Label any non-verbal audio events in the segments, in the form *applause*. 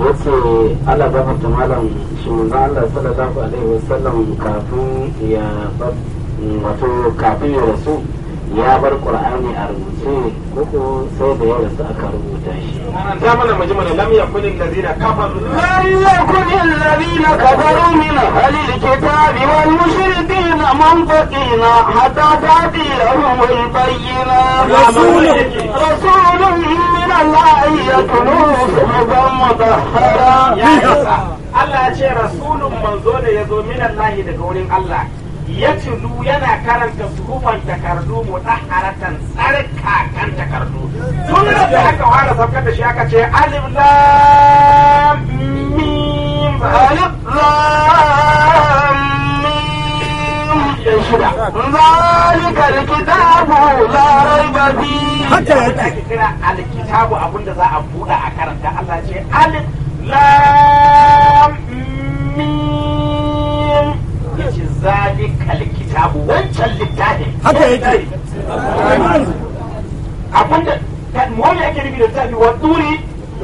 yace ala ba ta malam shi manzo Allah sallallahu alaihi wasallam kafin ya wato kafin ya rasu ya bar qur'ani a rubuce koko sai da ya rasu aka rubuta shi ta mana mu ji mana lam yakun allazina kafaru lam yakun allazina kafaru min ahlil kitabi wal mushrikina munfaqina hatta ta'ti lahum al bayyina rasulun rasulun min allahi yatlu suhufan mutahhara Allah ya ce rasulun manzo da yazo min allahi daga wurin Allah ya tulu yana karanta suhufan takardu mu haratan ɗaharatan tsarkakan takardu tun da aka fara saukar da shi aka ce alif lam mim alif lam mim ya shida zalika alkitabu la raiba fi hatta ake kira alkitabu abinda za a buɗa a karanta Allah ce alif lam mim zalikal kitabu wancan littafi haka yake abinda wanda ake nufi da littafi wa duri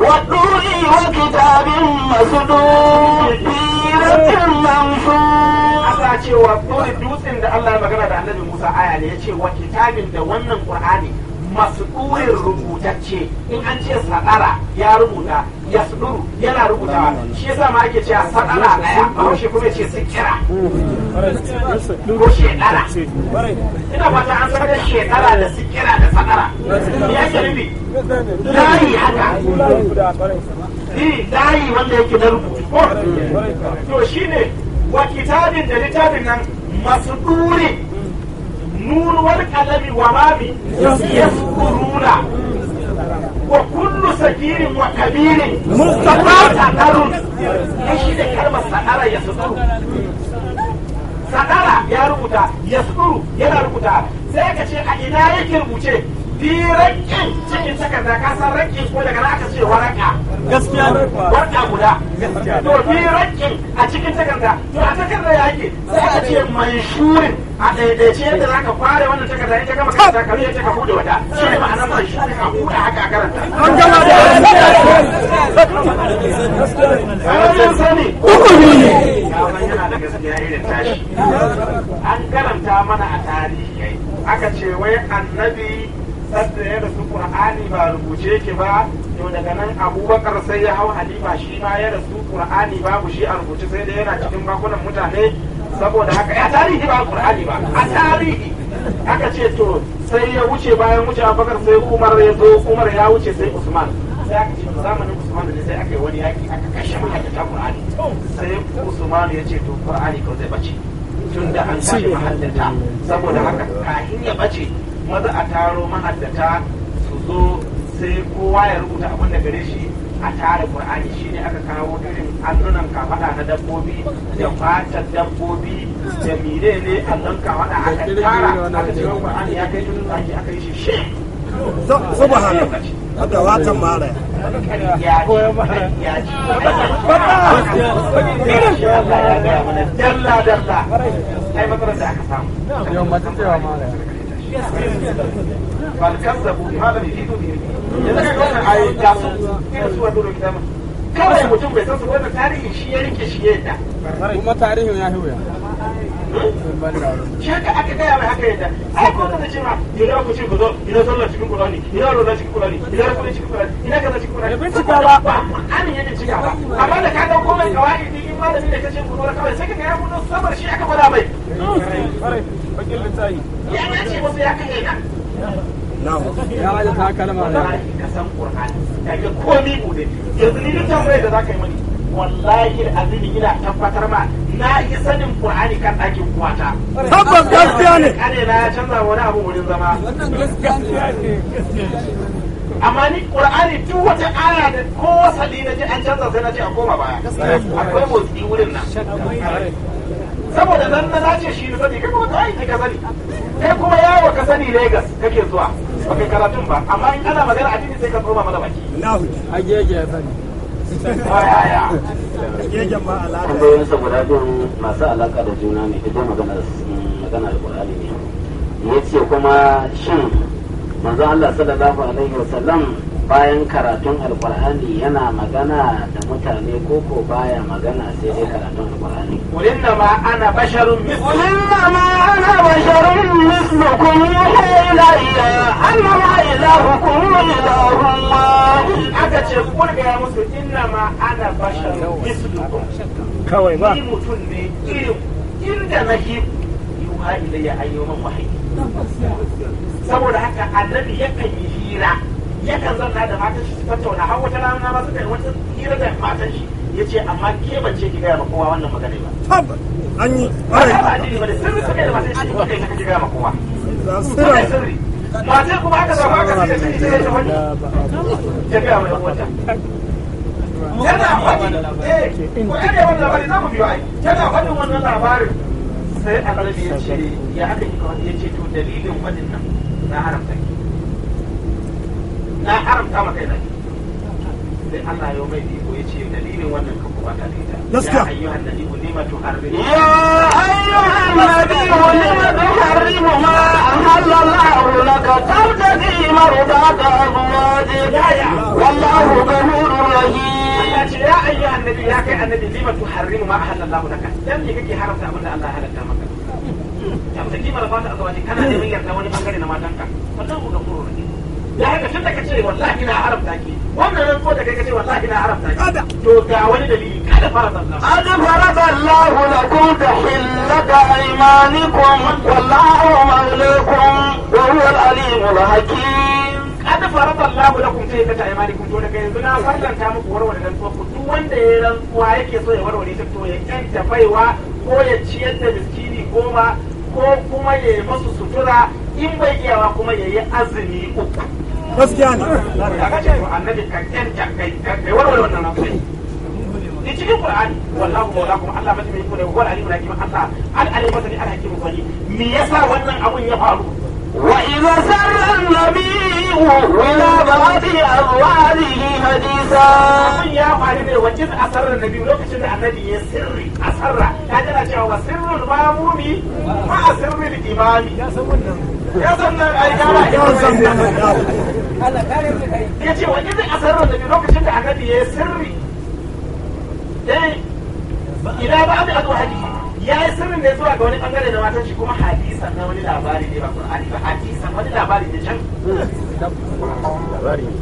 wa duri wa kitabin masdur firatin mansur Allah cewa duri dutsen da Allah ya magana da Annabi Musa aya ne yace wa kitabin da wannan Qur'ani masu ɗurin rubutacce in an ce sadara ya rubuta ya suduru yana rubutawa shi yasa ma ake cewa sadara daya ba shi kuma ce sikira ko shekara ina fata an san da shedara da sikira da sadara ya ke nufi dari haka dari wanda yake na rubutu ko to shine wa kitabin da littafin nan masu ɗurin النور والقلم وما يسكرون وكل صغير وكبير مستقر ايش ده كلمه سقر يسطر sadara ya rubuta ya sukuru yana rubuta sai ka ce a ina yake rubuce fi rakin cikin takarda ka san rakin ko daga aka ce waraka gaskiya warka guda to fi a cikin takarda to a takarda ya ne sai a ce manshurin a ɗaiɗaice yadda za ka fara wannan takarda in gama karanta ka rubuta ka bude wata shi ne ma'anar manshurin ka bude haka a karanta. An gama da Ranar sani. Hukumi ne. Kaman yana da gaskiya irin tashi. An karanta mana a tarihi aka ce wai annabi sanda ya rasu qur'ani ba rubuce ki ba to daga nan abubakar sai ya hau halifa shi ma ya rasu qur'ani babu shi a rubuce sai da yana cikin bakunan mutane saboda haka ya eh, tarihi ba qur'ani ba a tarihi aka ce to sai ya wuce bayan wuce abubakar sai umar ya zo umar ya wuce sai usman sai aka ce zamanin usman ne sai aka yi wani yaki aka kashe mahaifata qur'ani sai usman ya ce to qur'ani kawai zai bace tun da an kashe mahaddata saboda haka kahin ya bace maza a taro mahaddata su zo sai kowa ya rubuta abin da gare shi a tare qur'ani shine aka kawo irin allunan kafada na dabbobi da fatar dabbobi da mire ne allon kafada aka tara aka ce qur'ani ya kai tun zaki aka yi shi shi subhana haka watan mara ya ci ya ya dalla ya ai ya da ya samu ya mace ya mara bal kazzabu malam yahidu bihi yanzu kai kuma tarihin ya hiwaya shi haka aka gaya mai haka yadda ai ko da cewa idan ku ce ku zo idan sallah cikin qur'ani idan rola cikin qur'ani idan rafa cikin kaza cikin qur'ani bai cika ba ba an yi cika ba amma da ka ga komai kawai din malami da kace ku kawai sai ka ga ya mun sabar shi aka fada mai bakin ya ce musu ya kashe ka ya wani ta kalma da ka san qur'ani ka ga komai bude yanzu ni duk tambayar da zaka yi mani wallahi azumi ina tabbatar ma na yi sanin qur'ani kan ɗakin kuwata tabbas gaskiya ne kare na ya canza wani abu wurin zama wannan gaskiya ne amma ni qur'ani duk wata aya da ko wasali na ji an canza sai na ce a koma baya akwai motsi wurin nan saboda nan na ce shi ni sani kai kuma kai ka sani kai kuma yawo ka sani Lagos kake zuwa ba kai karatun ba amma in ana magana addini sai ka tsoma mana baki na hudu a gege ya sani gegen ma alaka tambayoyin sa guda biyu masu alaka da juna ne ita magana magana da Qur'ani ne yace kuma shin manzo Allah sallallahu alaihi wasallam bayan karatun alkur'ani yana magana da mutane ko ko baya magana sai dai karatun alkur'ani kullum da ma ana basharun kullum da ma ana basharun mislukum yuha ilayya annama ilahukum ilahun aka ce kun ga musu inna ma ana basharun mislukum kawai ba ni mutum ne irin inda nake yuha ilayya ayyuma wahid saboda haka annabi yakan yi hira yakan zanna da matan shi su tattauna har wata rana ma suka yi wata hira da matan shi ya ce amma ke ban ce ki gaya ma kowa wannan magana ba. an yi ƙwarai. Ba ne ba da sirri suka yi da matan shi ba kai gaya ma kowa. Sirri. Matan kuma haka zama haka sai da sirri sai da wani. Ya gaya ma wata. Yana faɗi, eh, kuɗa ne wani. labarin za mu biyo ai. Yana faɗin wannan labarin. Sai annabi ya ce, ya haka ya ce to dalilin wannan nan na haramta ki. na haramta maka yana sai Allah ya mai iko ya ce dalilin wannan ka kuma ta ita ya ayyuhan nabi lima tuharrimu ya ayyuhan nabi lima tuharrimu ma ahalla laka tabtadi mardata azwajika wallahu ghafurur rahim ya ayyuhan nabi ya kai annabi lima tuharrimu ma ahalla laka dan me kake haramta abin da Allah halatta maka tamtaki mardata azwajika kana neman yarda wani bangare na matanka wallahu ghafurur rahim da haka tun da ka ce wallahi na haramta ke wannan ran ko da kai ka ce wallahi na haramta ke. to ga wani dalili kada fara sallah qad farada Allahu lakum tahillata aymanikum wallahu mawlakum wa huwa al-alimul hakim qad farada Allahu lakum tahillata aymanikum to daga yanzu na farlanta muku warware dan ku duk wanda ya rantsuwa yake so ya warware ta to ya kanta baiwa ko ya ciyar da miskini goma ko kuma ya yi masu sutura in bai iyawa kuma ya yi azumi uku gaskiya ne kaga ce annabi ka kyanta kai kai warware wannan sai. ni cikin qur'ani wallahu mawlakum Allah ba mai kuma wal alim lakin Allah al alim ba ni al hakim bani me yasa wannan abun ya faru wa idza sarra an-nabiyyu ila ba'di azwajihi hadisa abun ya faru ne wa kin asarra nabi lokacin da annabi ya sirri asarra ta tana cewa wa sirrul mamumi ma asirrul imami ya san ya ce wani zai asarar da lokacin da annabi ya sirri dai eh, idan ba da zuwa hadisi ya yi sirrin ne zuwa ga wani bangare na matan shi kuma hadisan na wani labari ne ba qur'ani ba hadisan wani labari ne can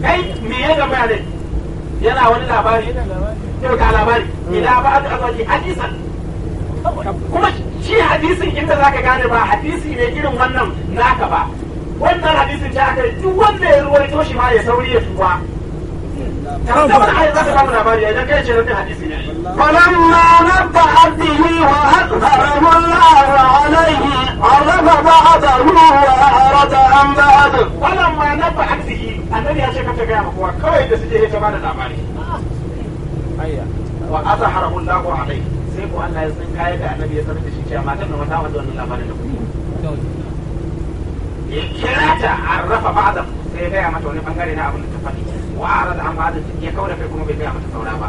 kai me ya gama ne yana wani labari yau ga labari idan ba da zuwa hadisan kuma shi hadisin inda za ka gane ba hadisi ne irin wannan naka ba wannan hadisin ta aka duk wanda ya ruwaito shi ma ya sauri ya tuba تقدمت على ذلك من أمريا إذا كان شيء من حديث فلما نبأ به وأظهره الله عليه عرف بعده وأعرض عن بعده فلما نبأ به الذي أشك تقام هو كويس سجيه تبان الأمري وأظهره الله عليه sai ko Allah ya san kayan da annabi ya sanar da shi cewa matan da ya kira ta an rafa ba'da sai ya gaya mata wani bangare na abin da ta faɗi wa arada an ba'da ya kawo da kai kuma bai gaya mata saura ba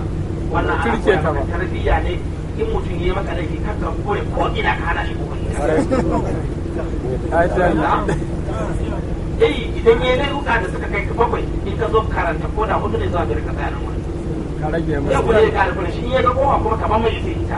wannan ana koya maka tarbiyya ne in mutum ya maka laifi kar ka kore ko ina ka hana shi kokari eh *laughs* idan ya yi ruka da suka kai bakwai in ka zo karanta ko da hudu ne zuwa biyar ka tsaya nan wani ka rage ya kula da shi in ya ga kowa kuma ka ban ita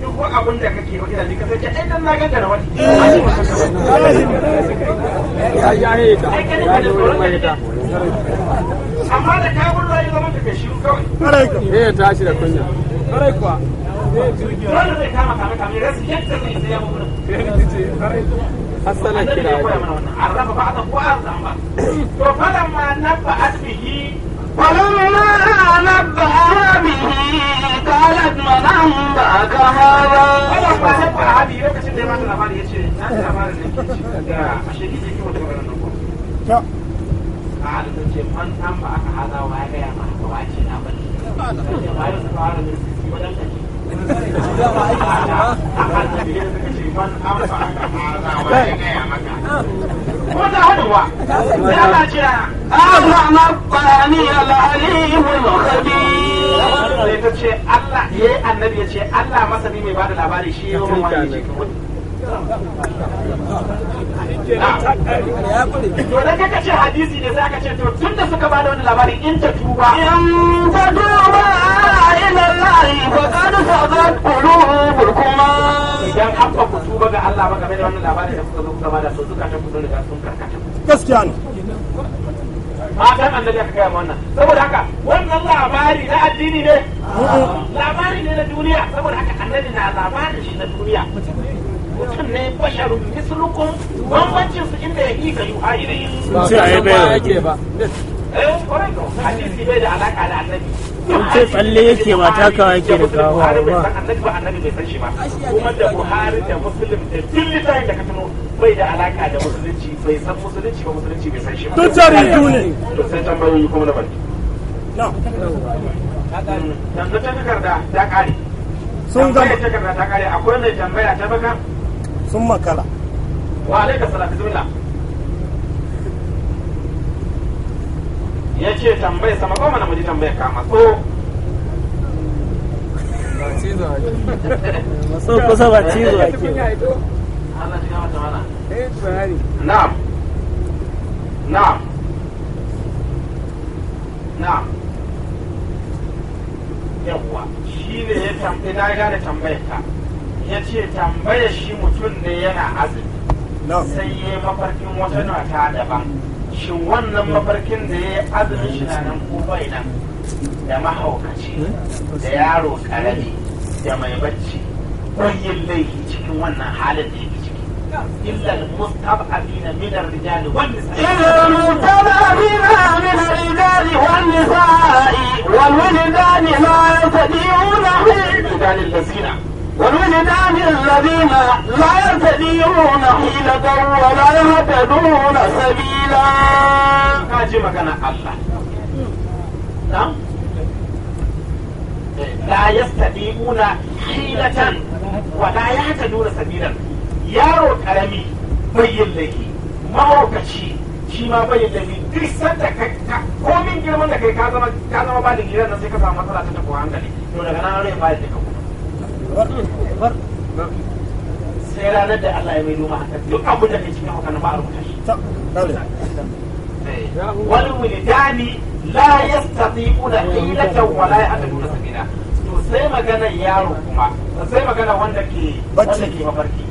duk wani abin da kake wa gidaje ka sai ta ɗan na ganta na wani eh. ya ya yi ta ya yi wurin mai ta amma da ka gudu zai zama ka shiru kawai ƙarai ka ya eh, tashi da kunya ƙarai kuwa eh, dole zai kama kame kame rasu yadda zai sai ya ta gudu حسنا كده الرب بعض وأرضا فلما نبأت به ولما نبأها به قالت من أنبأك هذا Yeah. قال تجي من أم بأك هذا وهذا يا محبوب عشان أبدا. أحد من يمسك شيء من أم بأك هذا وهذا يا محبوب Allah na ƙwarani al'alimun khabir. Ta ce Allah annabi ya ce Allah masani mai da labari shi ya wani wani kenan ta kare to da kaka ce hadisi ne sai ka ce to tunda suka bada wani labari in ta tuba in ta tuba ila Allah fa qad sadat qulubukum idan an ba ku tuba ga Allah ba game da wannan labarin da kuka zo kuka bada to duka ta kudu da sun karkata gaskiya ne matan annabi aka kai wannan saboda haka wannan labari na addini ne labari ne na duniya saboda haka annabi na labarin shi na duniya mutum ne basharun mislukum bambancin su inda ya yi ga yuha ilayhi sai ayi bai yake ba eh kwarai ko hadisi bai da alaka da annabi in ce tsalle yake ba takawa yake da kawo ba annabi ba annabi bai san shi ba kuma da buhari da muslim da duk littafin da ka tuno bai da alaka da musulunci bai san musulunci ba musulunci bai san shi ba duk jaridu ne to sai tambayoyi kuma na barki yanzu ta takarda ta kare sun zama gama takarda ta kare akwai mai tambaya ta baka sun makala wa alaika salatu bismillah ya ce tambaye sama ko mana muji tambaye ka matso *laughs* so. kusa ba cizo ake eh, na'am na'am na'am yawwa shi ne ya tambaye na da tambayar ka ya ce tambayar shi mutum ne yana azumi sai ya mafarkin wata mata daban shin wannan mafarkin da ya yi azumin shi na nan ko bai nan da mahaukaci da yaro karami da mai bacci bayin laifi cikin wannan halin da yake ciki illa al-mustab'abina min ar-rijal wan nisa'i illa al-mustab'abina min ar-rijal wan nisa'i wal-wildani la yastati'una fi rijal al-lazina ومن الآن الذين لا يرتديون حيلة ولا يهتدون سبيلا كاجي مكان الله نعم لا يستطيعون حيلة ولا يهتدون سبيلا yaro karami bayyan laifi mahaukaci shi ma bayyan laifi duk sanda ka komin girman da kai ka zama ka zama ba da gidan nan sai ka samu matsala ta tafi hankali to daga nan ne ba da sai ranar da Allah ya mai noma haka duk abu da ke cikin haka na ba a rubuta shi wal wulidani la yastati'una wala wa la ya'lamuna sabila to sai maganar yaro kuma sai magana wanda ke wanda ke mafarki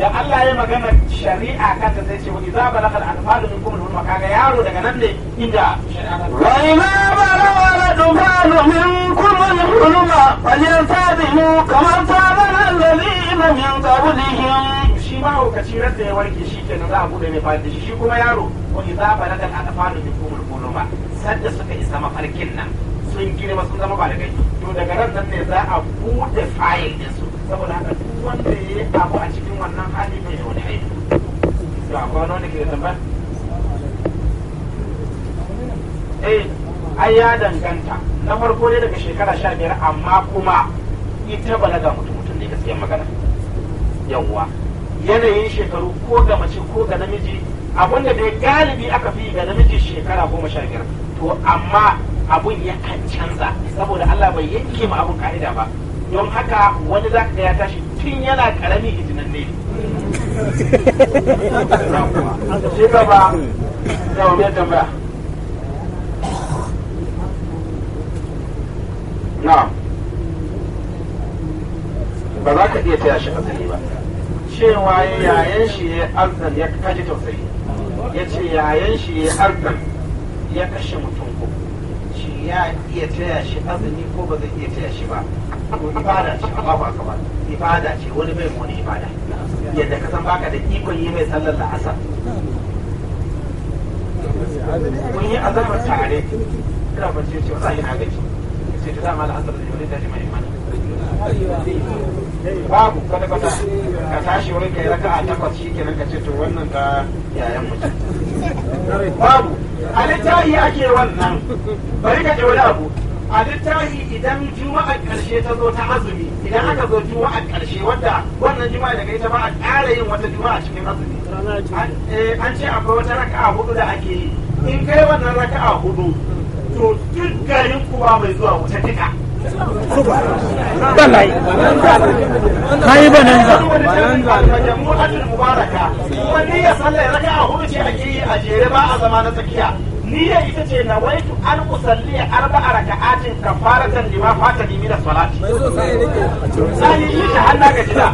da Allah ya magana shari'a kanta sai ce wani za balaga al-anfalu minkum al-hulma kaga yaro daga nan ne inda shari'a ta wa idza balagha al-anfalu minkum al-hulma falyantadimu kama ba alladhina min qablihim shi ma hukaci rasa ya warke shi kenan za a bude mai fa shi kuma yaro wani idza balaga al-anfalu minkum al-hulma sadda suka isa mafarkin nan sun girma sun zama ba da kai. to daga nan ne za a bude fayil din su saboda haka duk wanda ya yi abu a cikin wannan hali bai da wani aiki to akwai wani wanda ke da tambaya eh ai ya danganta na farko dai daga shekara sha biyar amma kuma ita ga mutum mutum ne gaskiyar magana yawwa yanayin shekaru ko ga mace ko ga namiji abinda dai galibi aka fi ga namiji shekara goma sha biyar to amma abun yakan canza saboda Allah bai yanke ma abun ka'ida ba don haka wani za ka ya tashi tun yana karami izinin ne da tambaya na ba za ka iya taya shi azumi ba cewa yayan shi ya arzan ya kaji tausayi ya ce yayan shi ya arzan ya kashe mutum ya iya taya shi azumi ko ba zai iya taya shi ba ko ibada ce amma ba ka ba ibada ce wani bai wani ibada yadda ka san baka da ikon yi mai sallar la'asar mun yi tare ba ce ce wasa gaji ta da yau da mai imani babu kwata kwata ka tashi kai takwas shi kenan ka ce to wannan ta yayan mutum babu a littahi ake wannan bari ka ji wani abu a littahi idan juma'a karshe ta zo ta azumi idan aka zo juma'a karshe wadda wannan juma'a daga ita ba a ƙara yin wata juma'a cikin azumi eh, an ce akwai wata raka'a hudu da ake yi in kai wannan raka'a hudu to duk garin kuwa mai zuwa wuta duka balai na yi bananza wani ya salla raka a hudu ce ake yi a jere ba a zama na tsakiya niyya ita ce na waitu an usalli arba a raka'atin kafaratan lima fata limi da salati sai yi ta ga jida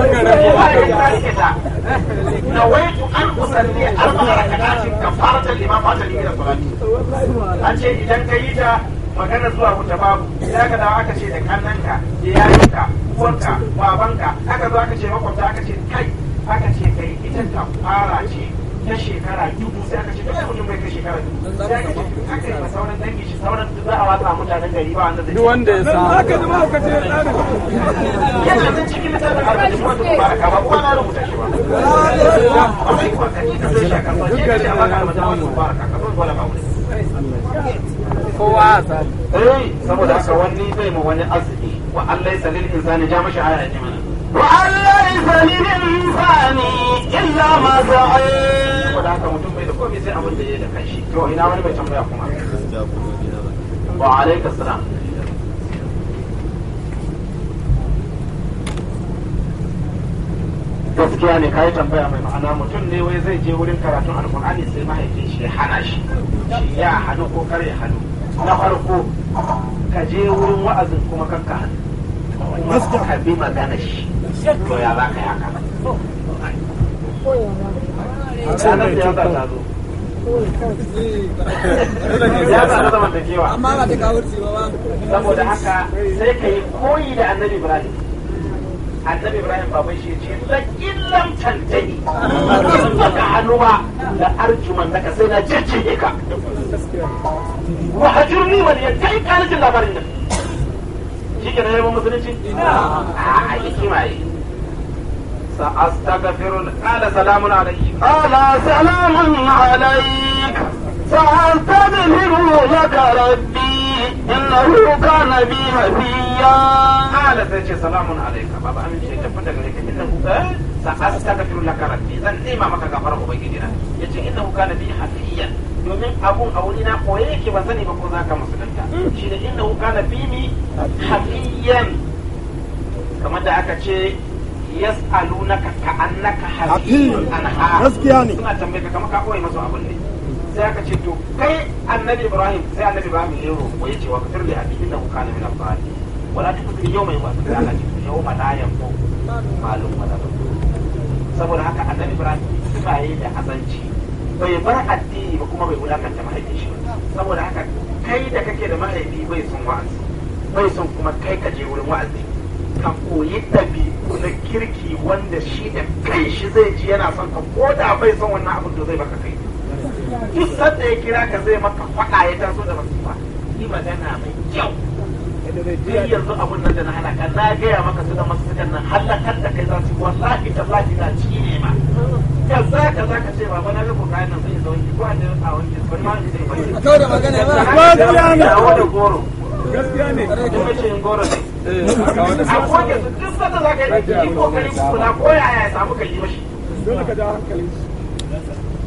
نويت أن أصلي أربع ركعات كفارة لما فات لي من الصلاة. أنشي إذا كيت magana zuwa wuta babu idan ka dawo aka ce da kannanka da yayanka uwanka babanka aka zo aka ce makwabta aka ce kai aka ce kai ita ta fara ce na shekara dubu sai aka ce dole mutum bai kai shekara dubu sai aka ce aka yi ma sauran dangi shi sauran za a watsa mutanen gari ba wanda zai wanda ya samu haka zama ce ya yana nan cikin kuma ba kuma na rubuta shi ba kuma ka ce a baka wani ba ba kowa a tsari eh, saboda haka wani zai ma wani arziki wa Allah ya salil insani ja mashi aya إلا ما saboda haka mutum bai da komai sai abin da ya da kanshi to ina wani bai tambaya kuma wa alaikas salam gaskiya ne kayi tambaya mai ma'ana mutum ne wai zai je wurin karatun alkur'ani sai mahaifin shi ya hana shi shi ya hannu ko kar ya hannu na farko ka je wurin wa'azin kuma kan hannu kuma ka bi magana shi to ya za ka yaka ranar siyasa amma ba ta kawo ba saboda haka sai ka yi koyi da annabi ibrahim annabi ibrahim baban shi ce la illam tantani in baka hannu da arjuman naka sai na jirje ka wa hajurni ne yantai kalajin labarin nan shi ke na yawan musulunci a yi kimaye سأستغفر قال سلام عليك قال سلام عليك سأستغفر لك ربي إنه كان بي هديا قال سيدي سلام عليك بابا أمين شيء تفتك لك إنه سأستغفر لك ربي زن نيما مكا غفر أبيكينا يجي إنه كان بي هديا domin abun a wuri na koye yake ban sani ba ko za ka musulunta shi da inda kana bi mi hafiyan kamar da aka ce yas'alunaka ka'annaka habibun anha gaskiya ne suna tambaye ka kamar ka koyi masu abin ne sai aka ce to kai annabi ibrahim sai annabi ibrahim ya roƙo ya ce wa kafir li abi innahu kana min al-zalimin wala tukfir wasu da ala yawma la yanfu malum wala saboda haka annabi ibrahim sifa yayi da azanci bai bar addini ba kuma bai wulakanta mahaifin shi saboda haka kai da kake da mahaifi bai son wa'azi bai son kuma kai ka je wurin wa'azi ka koyi ɗabi'u na kirki wanda shi da kai shi zai ji yana son ka ko da bai son wannan abin da zai baka kai duk sanda ya kira ka zai maka faɗa ya taso da basu ba yi magana mai kyau duk yanzu abun nan da na halaka na gaya maka su da masu sukan nan halakar da kai za su wallahi tallahi na ci ne ma kaza kaza ka ce baba na ga ko kayan nan sai ya zaune ko an da a wanke ko ma ne sai ba ka da magana ba gaskiya ne gaskiya ne kuma shi goro ne a goge su duk sanda za ya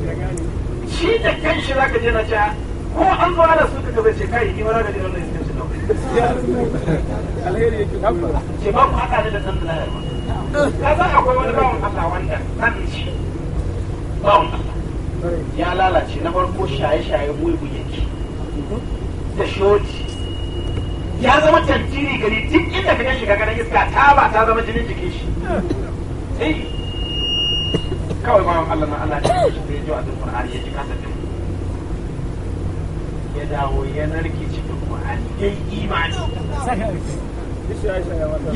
yi shi da kan shi za ka je na ca ko an zo ana suka ka zai ce kai ni wani da jiran da iskan shi alheri yake tabbata ce ba ku haɗa da ɗan da ka san akwai wani bawan Allah wanda kan shi bawan Allah ya lalace na farko shaye-shaye buyi-buyi yake da shoti ya zama tantiri gari duk inda ka shiga ganin iska ta ba ta zama jinin jikin shi kawai bawan Allah na Allah ya shi da jiwa duk Qur'ani ya ji kasa din ya dawo ya narke cikin Qur'ani yi imani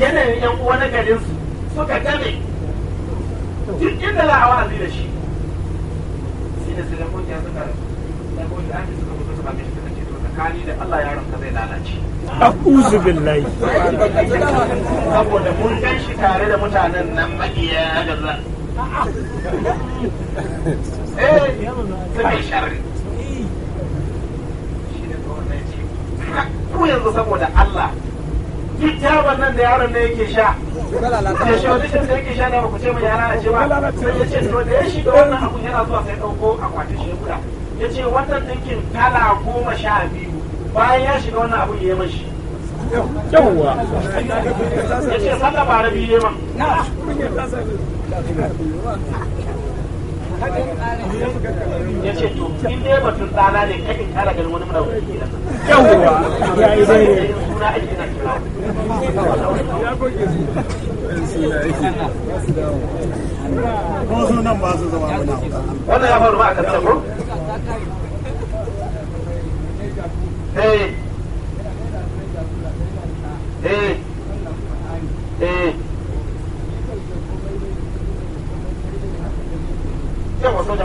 yanayin yan uwa na garin su suka dame. duk inda za a wa'azi da shi sai da silamoji ya suka da kuma da ake suka mutu suka mishi suka ce to tsakani da Allah ya ka zai lalace a'udhu billahi saboda mun shi tare da mutanen nan gaza *laughs* eh sharri ku yanzu saboda Allah duk nan da yaron da yake sha da da yake sha da ku ce mai a ce ba sai ya ce to da ya shiga wannan yana zuwa sai akwatin shekura ya ce wannan ɗinkin kala goma sha biyu bayan ya shiga wannan abu ya mashi yawwa ya ce sallah ba rabi ya man ya ce to in dai batun tsana ne kai in kara ganin wani mura wani gida yawwa ya yi zai ne suna aiki na kira ya goge su ko sunan ba su zama wani abu wannan ya faru ma a kan ko E，E，E，要我说怎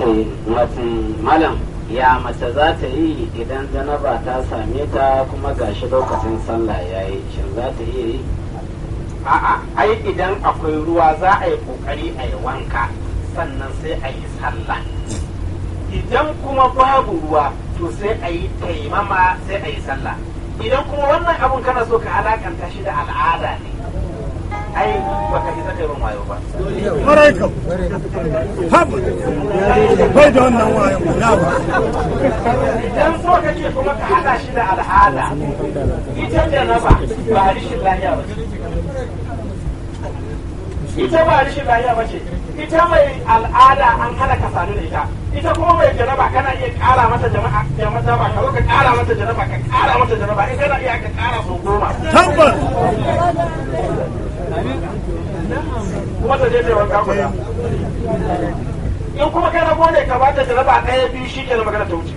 ce malam ya mace za ta yi idan janaba ta same ta kuma gashi lokacin sallah ya yi shin za ta iya yi a'a ai idan akwai ruwa za a yi kokari a yi wanka sannan sai a yi sallah idan kuma babu ruwa to sai a yi taimama sai a yi sallah idan kuma wannan abun kana so ka alakanta shi da al'ada ne ai baka isa kai wayo ba marai kam bai da wannan wayo na ba dan so kake kuma ka hada shi da al'ada ita da raba ba rishin lafiya ba ita ba rishin lafiya ba ce ita mai al'ada an hana ka sadu da ita ita kuma mai jaraba kana iya kara mata jama'a jama'a ba ka ka kara mata jaraba ka kara mata jaraba in kana iya ka kara so goma tabbas kuma ta je wanka guda in kuma kai rago ne ka bata ta raba ɗaya biyu shi ke magana ta wuce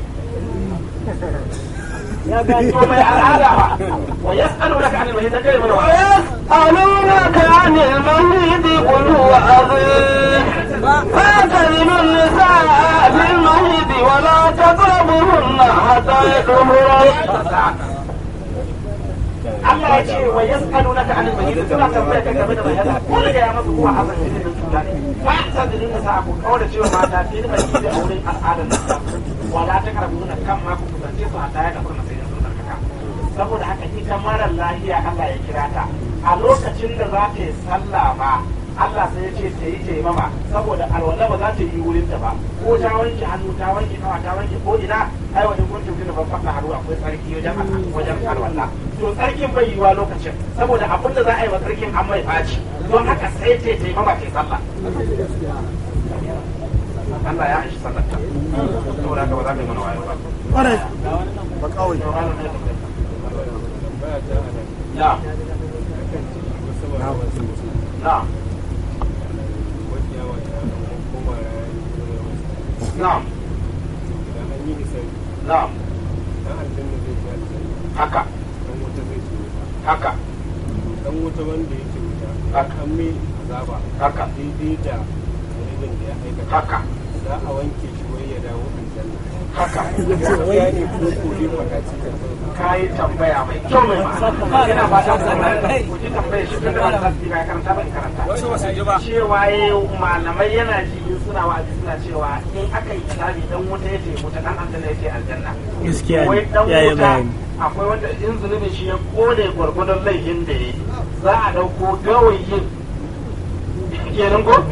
to mai al'ada ba wa yas'alu laka anil mahid kai mana wa yas'alunaka anil mahid qul huwa adhin فاتهم النساء في المهد ولا تقربهن حتى يطهرن Allah ya ce wa yas'alunaka anil mayyit suna tambaya ka game da bayyana ko da ya masa kuwa hasan ne da cuta ne fa ta da dinga sa ku kaura cewa mata fi da mayyit da auren al'adar da wala ta karbu na kan ma ku kusance su a taya da kuma sai sun barkaka saboda haka ita mara lafiya Allah ya kira ta a lokacin da za ta yi sallah ba Allah sai ya ce ta yi ta yi mama saboda alwala ba za ta yi wurin ta ba ko ta wanke hannu ta wanke kawa ta wanke ko ina ai wajen kun tafi da babban haru akwai tsarki wajen wajen alwala to sarkin bai yi wa lokacin saboda abin da za a yi wa sarkin an mai faci don haka sai ta yi taimama kai sallah Allah ya shi sallar ta da ka ba za ka yi mana wayo ba kwarai ba kawai ya na na'am na'am haka haka dan wuta wanda yake wuta haka mai azaba haka daidai da zunubin da ya aikata haka za a wanke shi wai ya dawo aljanna haka ya ko kore tambaya mai kyau mai ma. yana ba ta tambaya ku ji tambaya shi tun da karanta ba karanta cewa eh, malamai yana ji suna wa suna cewa in aka yi hisabi dan wuta ya yace wuta dan aljanna yace aljanna gaskiya wai dan wuta akwai wanda in zunubin shi ya kone gwargwadon laifin da ya za a dauko gawayin kenan ko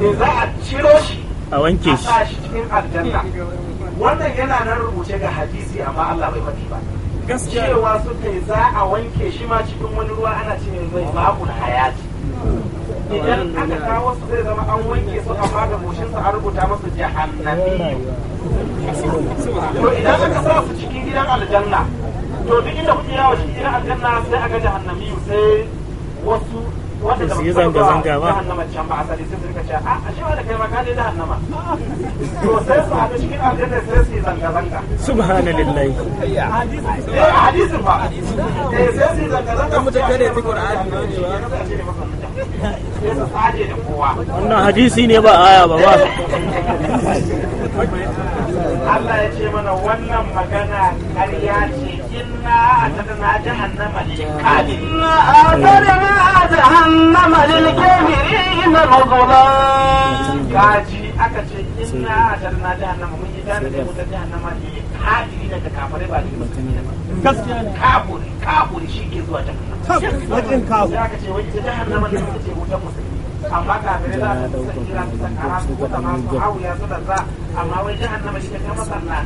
ne za a ciro shi a wanke shi a shi cikin aljanna wannan yana nan rubuce ga hadisi amma Allah bai faɗi ba gaskiya cewa suka za a wanke shi ma cikin wani ruwa ana ce mai babu hayati idan aka kawo su zai zama an wanke su amma da goshinsa an rubuta masu jahannabi to idan aka sa su cikin gidan aljanna to duk inda kuke yawo shi gidan aljanna sai aka jahannami sai wasu wanda da yi zanga zanga ba jahannama can ba asali sai su rika a ashe wa da kai ma ka je jahannama to sai su haɗu cikin aljanna sai su yi zanga zanga subhanallahi eh, hadisin ba eh, sai su yi zanga zanga mutane da qur'ani ne ba wannan hadisi ne ba aya ba ba Allah ya ce mana wannan magana ƙarya ce inna atadna jahannama lil kafirin inna atadna jahannama lil kafirin mazula gaji aka ce inna atadna jahannama mun yi gane da wutar jahannama lil kafirin da kafirai ba lil muslimin gaskiya ne kafuri kafuri shi ke zuwa jahannama wajen kafu za ka ce wai ita jahannama ne ita ce wutar musulmi amma kafirai za su san kira su san haram ko da ma su hauya su da amma wai jahannama shi ke ta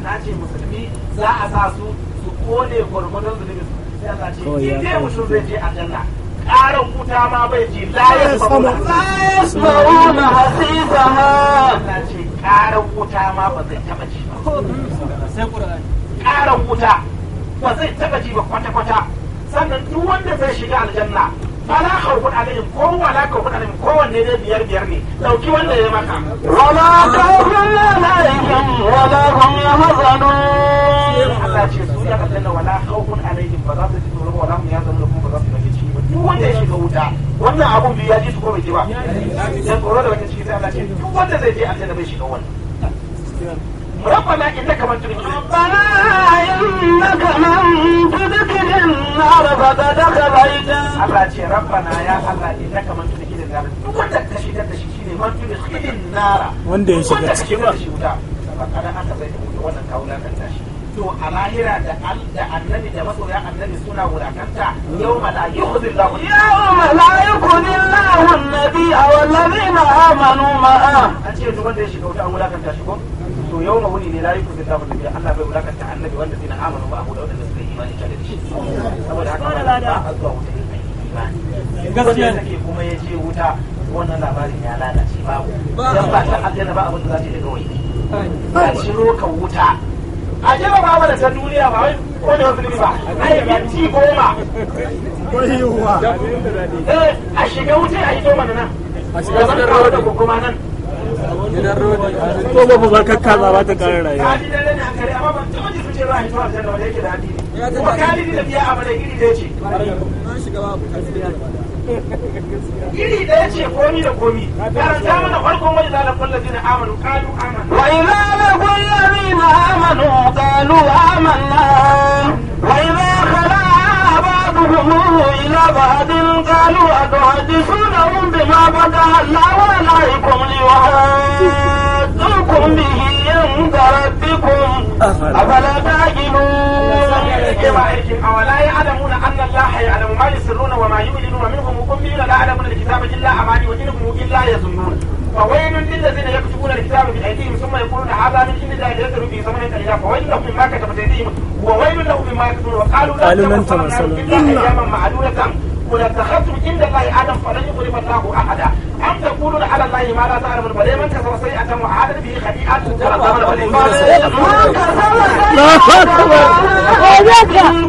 na ce musulmi za a sa su su kone gwargwadon zulubi sai Allah ce in dai mutum zai je aljanna ƙarar wuta ma bai ji la yasma'una hasisaha na ce ƙarar wuta ma ba zai taba ji ba sai Qur'ani ƙarar wuta ba zai taga jiba ba kwata-kwata sannan duk wanda zai shiga aljanna fala khawfun alaihim ko wala khawfun alaihim ko wanne ne biyar biyar ne dauki wanda ya maka wala khawfun alaihim wala hum yahzanun Allah ce su ya kallana wala khawfun alaihim ba za su ji tsoro wala hum yahzanun kuma ba za su ji ciki ba duk wanda ya shiga wuta wannan abun biyu ya ji su ko bai ji ba ya tsoro da wata ciki sai Allah ce duk wanda zai je aljanna bai shiga wannan ربنا إنك من تدخل ربنا إنك من تدخل النار فقد خبيت الله ربنا يا الله إنك من تدخل النار وكنت تشهد تشهد من تدخل النار وانت يشهد تشهد وتا فقد أنت بيت وانا كولا كنتاش to a lahira da da annabi da masoya annabi suna wulakanta yau ma la yukhzi Allah yau ma la yukhzi Allah an-nabi wa ladina amanu ma'a an ce duk wanda ya shiga wuta an wulakanta shi ko to yau ma wuni ne la yuku da tabu da Allah bai wulakanta annabi wanda zina amanu ba abu da wanda suka imani ta da shi saboda haka ba a zuwa wuta imani gaskiya take kuma ya je wuta wannan labarin ya lalace babu dan ba ta aljanna ba abin da za ta daga wai ba shiro ka wuta a jama ba mana ta duniya ba wai ko da wasu ba ai minti goma eh, a shiga wuta a yi goma nan a shiga wuta da kuma nan gidan rodi ko ba ba barkakka za ba ta karar rayuwa ni dare na kare amma ban taɓa jin zuciyar rayuwa ta aljanna ba yake da hadi kuma kalibi da biya amma da iri da ce iri da ce komi da komi mana farkon wani zala kullu zina amanu amanu wa amanu wa ila قالوا أتحدثونهم بما فتح الله عليكم ليحاجوكم به عند ربكم أفلا تعقلون أولا يعلمون أن الله يعلم ما يسرون وما يعلنون ومنهم أميون لا يعلمون الكتاب إلا أماني ودينهم إلا يظنون فويل للذين يكتبون الكتاب بأيديهم ثم يقولون هذا من عند الله ليشتروا به ثمنا قليلا فويل لهم مما كتبت أيديهم وويل لهم مما يكتبون وقالوا لن تمسنا إلا أياما معدودة ونتخذتم عند الله آدم فلن يظلم الله أحدا أم تقولون على الله ما لا تعلمون بل من كسب سيئة وعاد به خطيئة فقد ظلم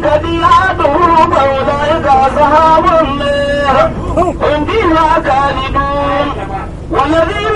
كبيرته فأولئك أصحاب النار هم فيها خالدون والذين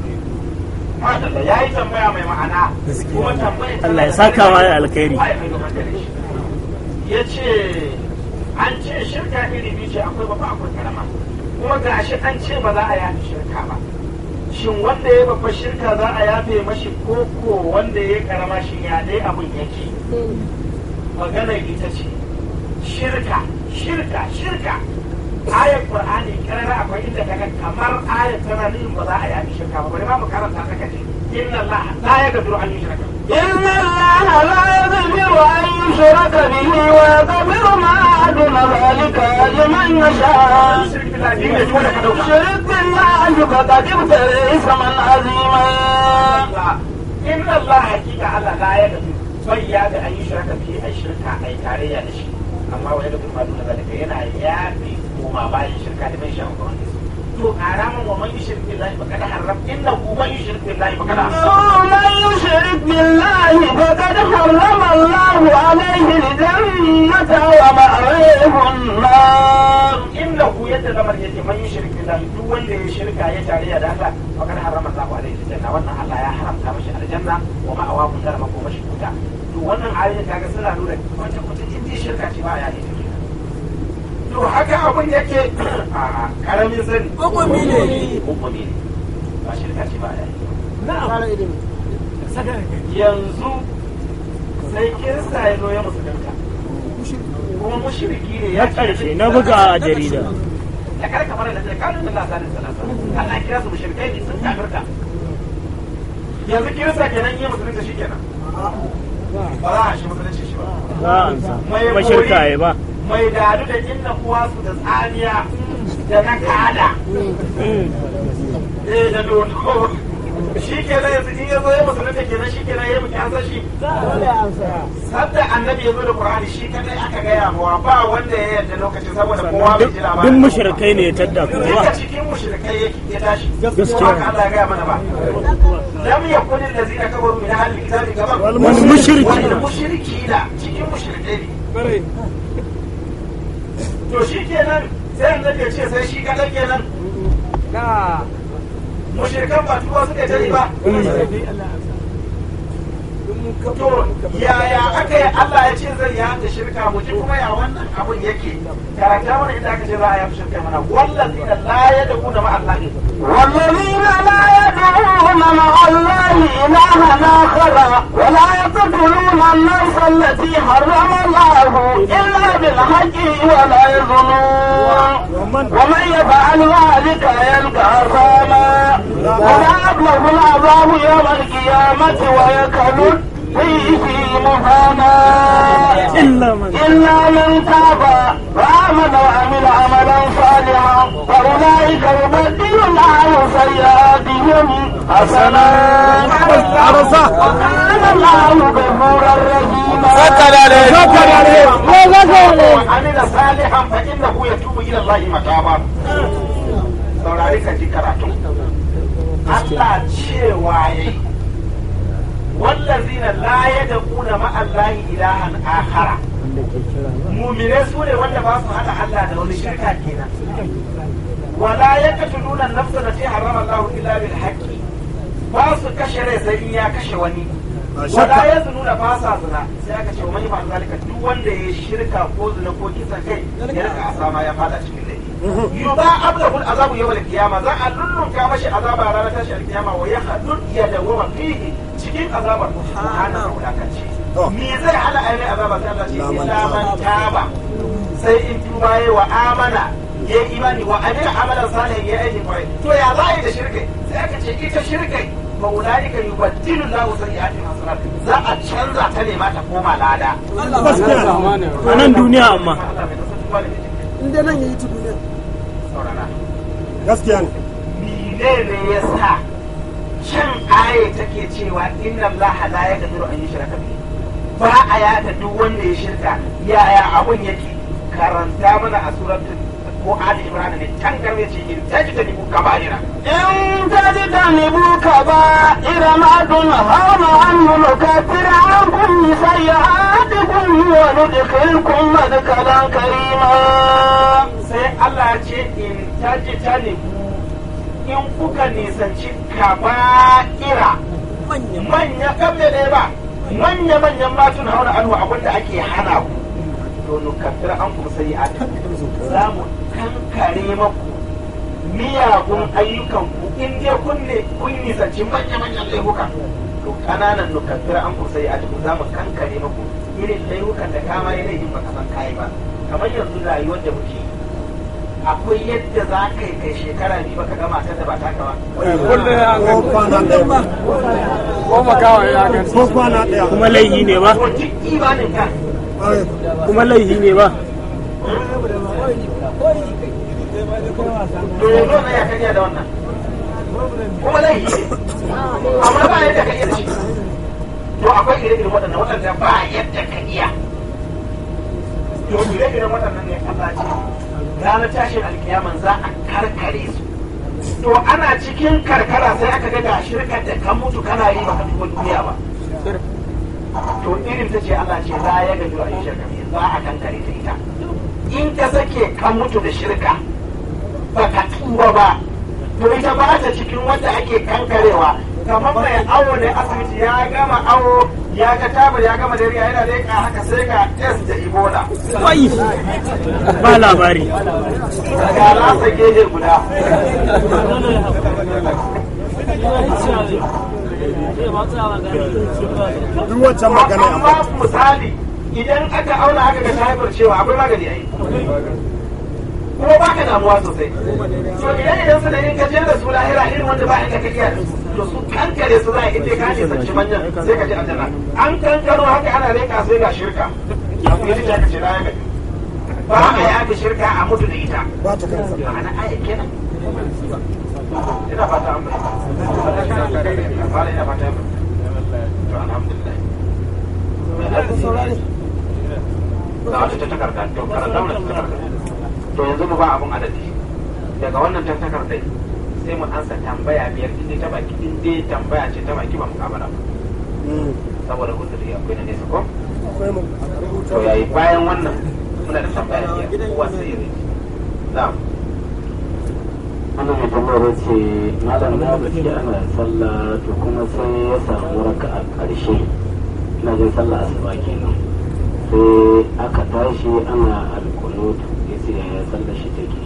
ya tambaya mai ma'ana kuma tambaya Allah ya saka wa alkhairi ya ce an ce shirka iri biyu ce akwai babba akwai karama kuma ga shi an ce ba za a yafe shirka ba shin wanda ya babba shirka za a yafe mashi ko ko wanda ya karama shi ya dai abin yake hmm. maganar ita ce shirka shirka shirka ayar qur'ani karara akwai inda daga kamar ayar tana nuna ba za a yi abin shirka ba bari ma mu karanta ta kaje inna allah la yaghfiru an yushraka inna allah la yaghfiru an yushraka bihi wa yaghfiru ma duna zalika liman yasha shirk billahi faqad ibtara isman azima inna allah hakika allah la yaghfiru bai ya ga an yushraka bihi ashirka ai tarayya da shi amma wa yaghfiru ma duna zalika yana yafi ba bayan shirka da mai shan gwamnati to haramun wa man yushrik billahi faqad haram innahu man yushrik billahi faqad haram man yushrik billahi faqad harrama Allahu alayhi al-jannata wa ma'awahu an-nar innahu yadda kamar yace man yushrik billahi duk wanda ya shirka ya tarayya da Allah faqad harrama Allahu alayhi al-janna wannan Allah ya haramta mashi aljanna wa ma'awahu an nuna mutum shirka to haka abun yake a ah, karamin sani hukumi ne hukumi ne ba shirka ce ba da yi yanzu sai kirista ya zo ya musulunta kuma mushiriki ne ya karshe na buga a jarida ya kare kamar da ta kanu da lasa da salasa Allah kira su mushrikai ne sun kafirta yanzu kirista kenan yi musulunta shi kenan ba za a shi musulunci shi ba ba shirka ba mai dadu da inna kuwa su da tsaniya da na kada eh da dodo shi ke nan yanzu in ya zo ya musulunta ke nan shi ke nan ya muke an sashi sabda annabi ya zo da qur'ani shi kadai aka gaya mawa ba wanda ya yarda lokacin saboda kowa bai ji labarin duk mushrikai ne ya tadda ku ba cikin mushrikai ya tashi gaskiya haka Allah ya gaya mana ba lam yakun allazina kafaru min ahli kitabi kafaru wal mushrikina mushrikina cikin mushrikai ne to shi kenan sai annabi ya ce sai shi kaɗan kenan na mushrikan ba tuwa suka tare ba eh. to yaya aka yi Allah ya ce zai ya hanta shirka mu ji kuma ya wannan abun yake karanta mana inda aka ce za a yi shirka mana wallazina la yad'una ma Allah Allah ilahan akhara wa la yaqtuluna an-nafs allati harrama Allah illa bil haqqi wa la yazunun wa man yaf'al dhalika yalqa asama ولا أبلغ العذاب يوم القيامة ويكلد فيه مهانا إلا من إلا من تاب وآمن وعمل عملا صالحا فأولئك يبدل الله سيئاتهم حسنات وكان الله غفورا رحيما سكر عليه سكر عليه وعمل صالحا فإنه يتوب إلى الله متابا saurari ka ji karatu Allah cewa ya yi wallazina la yad'una ma'allahi ilahan akhara mu'mine su ne wanda ba su hada Allah da wani shirka kenan wala yaqtuluna an-nafsa allati harrama Allahu illa bil haqqi ba su kashe rai sai in ya kashe wani wala ya zunu da fasa zina sai aka ce mai fa'al zalika duk wanda ya shirka ko zina ko kisa kai ya rika asama ya fada cikin dai yuba ablahu al-azabu yawm al-qiyamah za a lullun ka mashi azaba ranar tashi al-qiyamah wa yahdud yadawu fihi cikin azabar subhana wulakanci me zai ala ainihin azabar ta Allah shi illa man taba sai in tubaye wa amana ya yi imani wa amila amalan salihin ya aiki kwarai to ya za a yi da shirkai sai aka ce ita shirkai fa ulaika yubaddilu Allahu sayyi'atihim hasanat za a canza ta ne ma koma lada a nan duniya amma in dai nan yayi ta duniya gaskiya ne ne ne can aye take cewa inna allaha la yaqdiru an yushraka bi ba a yata duk wanda ya shirka yaya abun yake karanta mana a suratul ko ali Ibrahim, ne can garbe ce in taji ta nibu kaba'ira in taji ta nibu kaba'ira ma dun hawa an nukaffir ankum sayyi'atikum wa nudkhilkum madkalan karima sai Allah ya ce in taji ta nibu in kuka nisanci kaba'ira manya kabila ne ba manya manyan matun hauna alwa abinda ake hana ku to nukantar an ku sai a za mu kankare maku miyagun ayyukan ku in dai kun ne kun nisanci manya manyan laifuka to kananan nukantar an ku sai a za mu kankare maku irin laifukan da kama yanayin baka san kai ba kamar yanzu rayuwar da muke yi akwai yadda za ka yi kai shekara biyu baka gama ta da ba ta kawa. Kullum ya ga kwana ɗaya ba. Ko makawa ya ga ko kwana ɗaya. Kuma laihi ne ba. Kuma laihi ne ba. Dole na ya karya da wannan. Kuma laihi ne. Amma ba yadda ka iya ci. To akwai ire-iren waɗannan waɗanda ba yadda ka iya. To ire-iren waɗannan ne Allah ce. ranar tashin alkiyaman za a karkare su to ana cikin karkara sai aka ga da shirkar da kan mutu kana yi ba ka duniya ba to irin ta ce Allah ce za ya gaji wa shirka za a kankare ta ita in ka sake kan mutu da shirka ba ka tuba ba to ita ba ta cikin wanda ake kankarewa kamar mai awo ne asibiti ya gama awo ya ga tabar ya ga malaria yana leƙa haka sai ka test da ebola wai ba labari daga lasa gehe guda duk wancan amma misali idan aka auna aka ga tabar cewa akwai magani ai kuma baka damuwa sosai so idan idan su da in ka je da su lahira irin wanda ba inda kake da su to su kankare su za a ita ka ne sanci manyan sai ka ji aljanna an kankaro haka ana reka sai ga shirka ya kuma ji ka ce da ya ba a yi aka shirka a mutu da ita ba ta kansa ma'ana aya kenan ina fata an bai ina fata an bai to alhamdulillah za a ta takarda to karanta mana takarda to yanzu mu ba abun adadi daga wannan ta takardai sai mu ansa tambaya biyar ita ta baki in dai tambaya ce ta baki ba mu kabara ba hmm. saboda uzuri akwai na nesa ko to yayi bayan wannan muna da tambaya biyar kowa sai ya rage na'am ana mai tambayar ce malam na gaske ana sallah to kuma sai ya samu raka a ƙarshe na jin sallah asuba kenan sai aka tashi ana alkunutu ya ce yaya sallah shi take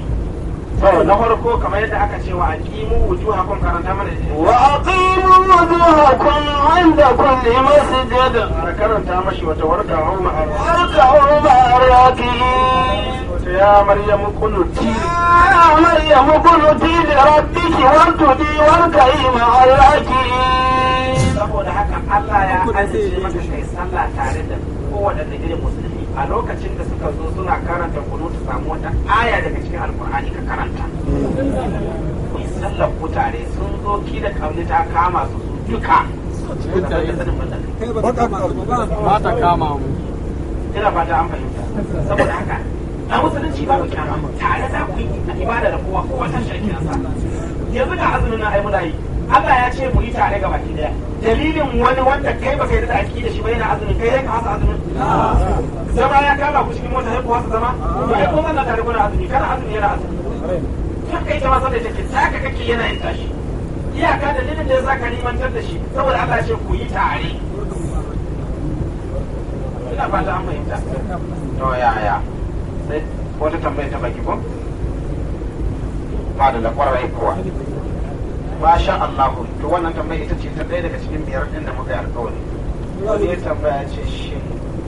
na farko kamar yadda aka ce wa aqimu wujuhakum karanta mana wa aqimu wujuhakum inda kulli masjid karanta mashi wata warka hu ma warka hu ma raki ya maryam kunuti ya maryam kunuti li rabbiki warkudi yi ma allaki saboda haka Allah ya ajiye maka kai sallah tare da kowanne irin musulmi a lokacin da suka zo suna karanta kunu ta samu wata aya daga cikin alkur'ani ka karanta ku yi sallar kutare sun zo ki da kauni ta kama su su duka ba ta kama mu ina ba ta an fahimta saboda haka a musulunci ba mu kyama tare za ku yi ibada da kowa kowa ta shirkin sa yanzu ga azumin na ai muna yi Allah ya ce mu yi tare ga baki daya dalilin wani wanda kai baka yarda aiki da shi ba yana azumi kai yanka hasa azumi zama ya kama ku cikin mota sai ku hasa zama to ai ko zan tare kuna azumi kana azumi yana azumi ta kai ta masa da take taka kake yana yin tashi iyaka dalilin da zaka limantar da shi saboda Allah ya ce ku yi tare ina fata an fahimta to ya ya sai wata tambaya ta baki ko ba da lakwarai kowa sha Allah to wannan tambayar ita ce ta ɗaya daga cikin biyar ɗin da muka yi alƙawari wani ya tambaya ce shin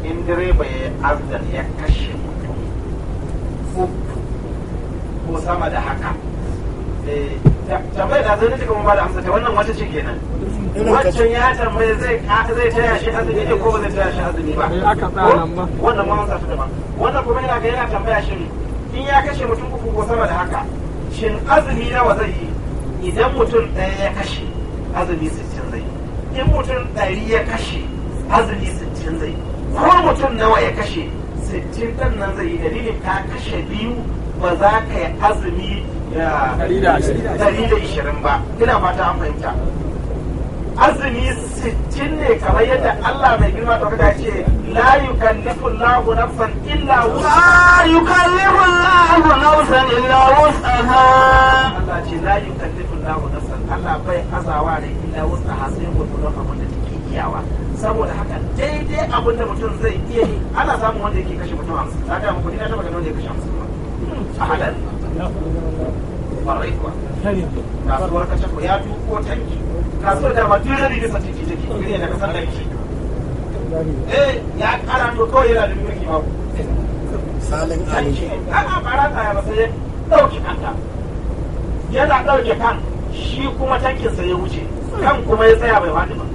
in direba ya yi arzal ya kashe mutum ko sama da haka eh, tambayar da zai kuma ba da amsa ta wannan wata ce kenan wancan ya tambaya zai zai taya shi azumi ne ko ba zai taya shi azumi ba eh, wannan ma amsa ta daban wannan kuma yana ga yana tambaya shin in ya kashe mutum uku ko sama da haka shin azumi nawa zai yi idan mutum ɗaya ya kashe azumi sittin zai in mutum ɗari ya kashe azumi sittin zai ko mutum nawa ya kashe sittin ɗan nan zai dalilin ka kashe biyu ba za ka yi azumi dari da ishirin ba ina fata an fahimta azumi sittin ne kamar yadda Allah mai girma ta kada ce la yukallifu Allahu nafsan illa wusa la yukallifu Allahu nafsan illa wusaha Allah ce la Allah bai azawa da illa wasu hasai gurgurdon abin da take iyawa saboda haka daidai abin da mutum zai iya yi ana samun wanda yake kashe mutum hamsin ta ga muku na taba ganin wanda ya kashe hamsin a halar kasuwar kashe ko ya ko tanki kasuwar da ma duk da satiki take da kasar da shi eh ya to kawai yana da mulki ku salin ali ana dauki kanta yana dauke kan shi kuma tankinsa ya wuce kan kuma ya tsaya bai faɗi ba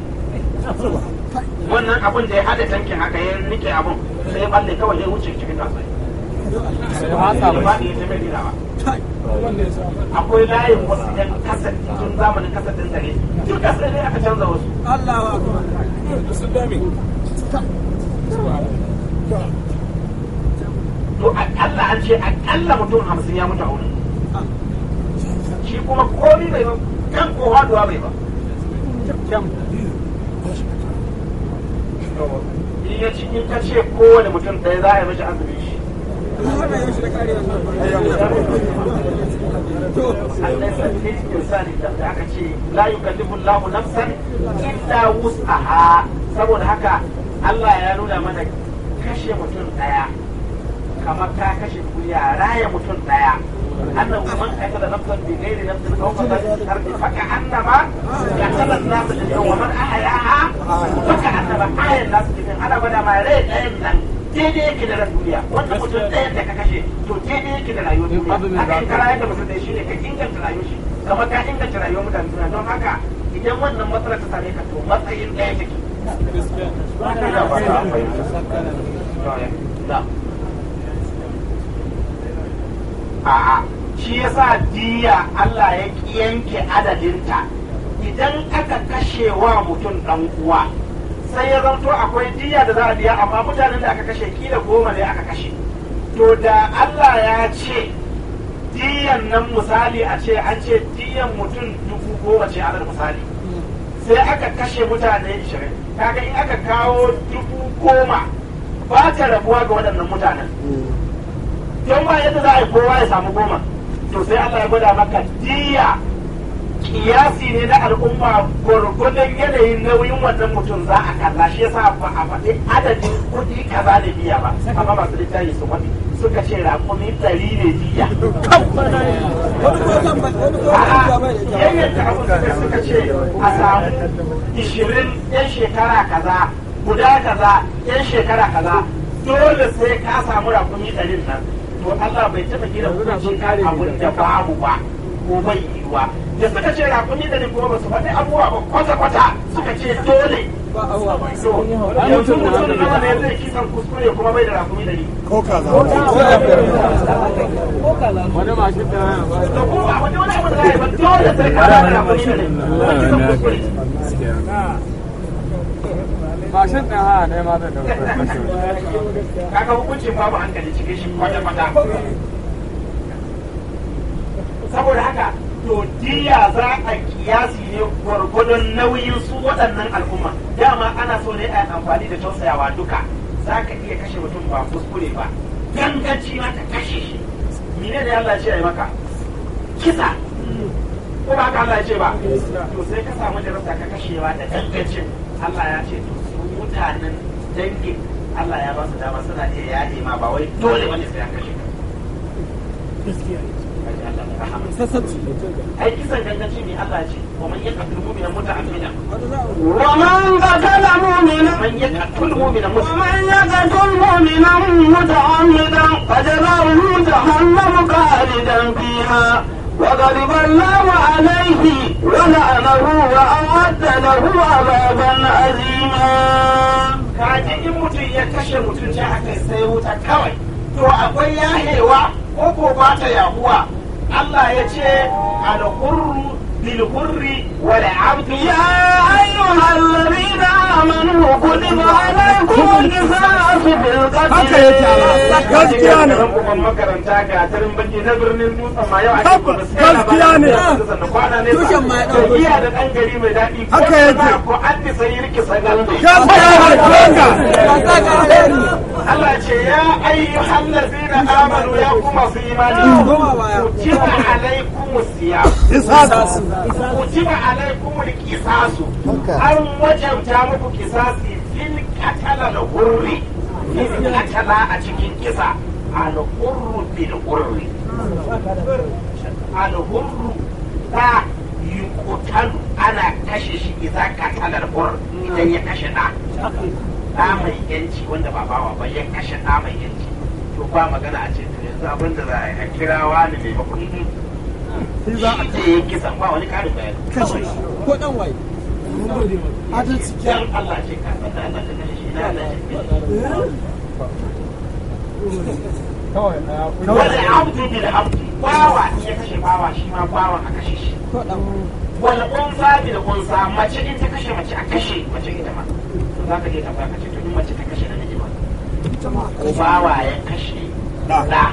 wannan abin da ya hada tankin haka ya nike abin sai ya balle kawai ya wuce cikin tasai akwai layin wasu yan kasar cikin zamanin kasar din dare duk kasar ne aka canza wasu Allah wa to akalla an ce akalla mutum hamsin ya mutu a wurin kuma komi mai ba can ko haduwa bai ba can in ya ci in ka ce kowane mutum ɗaya za a yi mashi azumi shi aka ce la yukallifu Allahu nafsan illa wus'aha saboda haka Allah ya nuna mana kashe mutum daya kamar ka kashe kuriya raya mutum daya. an من قتل نفسا بغير نفس فهو قتل الأرض فكأنما قتل الناس اليوم ومن أحياها فكأنما أحيا الناس جميعا أنا ولا ما رأيت أيضا daidai yake da duniya wanda mutum ɗaya a ka kashe to daidai yake da rayuwar duniya haka in ka rayar da mutum ɗaya shi ne ka inganta rayuwar shi kamar ka inganta rayuwar mutane duniya don haka idan wannan matsalar ta same ka to matsayin ɗaya take. Gaskiya. a'a shi yasa diya Allah ya yanke adadinta idan aka kashe wa mutum dan uwa sai ya zanto akwai diya da za a biya amma mutanen da aka kashe kila goma ne aka kashe to da Allah ya ce diyan nan misali a ce an ce diyan mutum dubu goma ce adadin misali sai aka kashe mutane ishirin kaga in aka kawo dubu goma ba ta rabuwa ga waɗannan mutanen yan ba yadda za a yi kowa ya samu goma to sai Allah ya gwada maka jiya kiyasi ne na al'umma gwargwadon yanayin nauyin wannan mutum za a kalla shi yasa ba a faɗi adadin kuɗi kaza da biya ba amma masu littafi su faɗi suka ce rakumi ɗari ne biya yayyanta abin da suka ce a samu ishirin yan shekara kaza guda kaza yan shekara kaza dole sai ka samu rakumi ɗarin nan to Allah bai taɓa gina hukunci abin da babu ba ko bai yiwa da suka ce rakumi da kuma ba su faɗi abubuwa ba kwata-kwata suka ce dole yanzu mutum da zama ne zai kisan kuskure kuma bai da rakumi da ni ko kaza ko kaza wani mashin da ya ba da kuma wani wani abu da ya ba dole sai ka da rakumi da ni kuskure mashin ɗin haya ne ma zai dauka kaga hukuncin babu hankali cikin shi kwata-kwata saboda haka to diya za a kiyasi ne gwargwadon nauyin su waɗannan al'umma dama ana so ne a amfani da tausayawa duka za ka iya kashe mutum ba kuskure ba ganganci ma ta kashe shi mine da Allah ce ya maka kisa ko ba ka Allah ce ba to sai ka samu darasa ka kashewa da gangancin Allah ya ce to mutanen dangin Allah ya ba su dama suna iya yaɗe ma ba wai dole wani sai an gaskiya ai kisan ganganci ne Allah ce wa man yaqtul mu'mina muta'ammidan wa man وغضب الله عليه ولعنه وأعد له عذابا عظيما kaji in mutum ya kashe mutunci ta sai wuta kawai to akwai yahewa ko ko ba ta yahuwa Allah ya ce alhurru للحر والعبد يا أيها الذين آمنوا كتب عليكم القصاص بالقتل makaranta ga tarin birnin dutsen ma yau ake mai daɗi haka Allah ce ya ayyuhan ladina amanu ya kuma su imani ku kira alaikum siyam kutiba alaikumul kisasu an wajabta muku kisasi fil qatala al hurri fil a cikin kisa al hurru bil hurri al hurru ta yuqtalu ana kashe shi idan qatala al idan ya kashe da da mai yanci wanda ba bawa ba ya kashe da mai yanci to ba magana a ce to yanzu abinda za a kirawa ne maimakon shi za a kashe eh, kisa ba wani karin bayani kashe ko dan waye adalci ke Allah ce ka fata Allah ka shi na Allah ce wani abdu bil abdu bawa ya kashe bawa shi ma bawa a kashe shi wani unsa bil unsa mace in ta kashe mace a kashe mace ita ma to za ka je tambaya ka ce to in mace ta kashe namiji ba ko bawa ya kashe da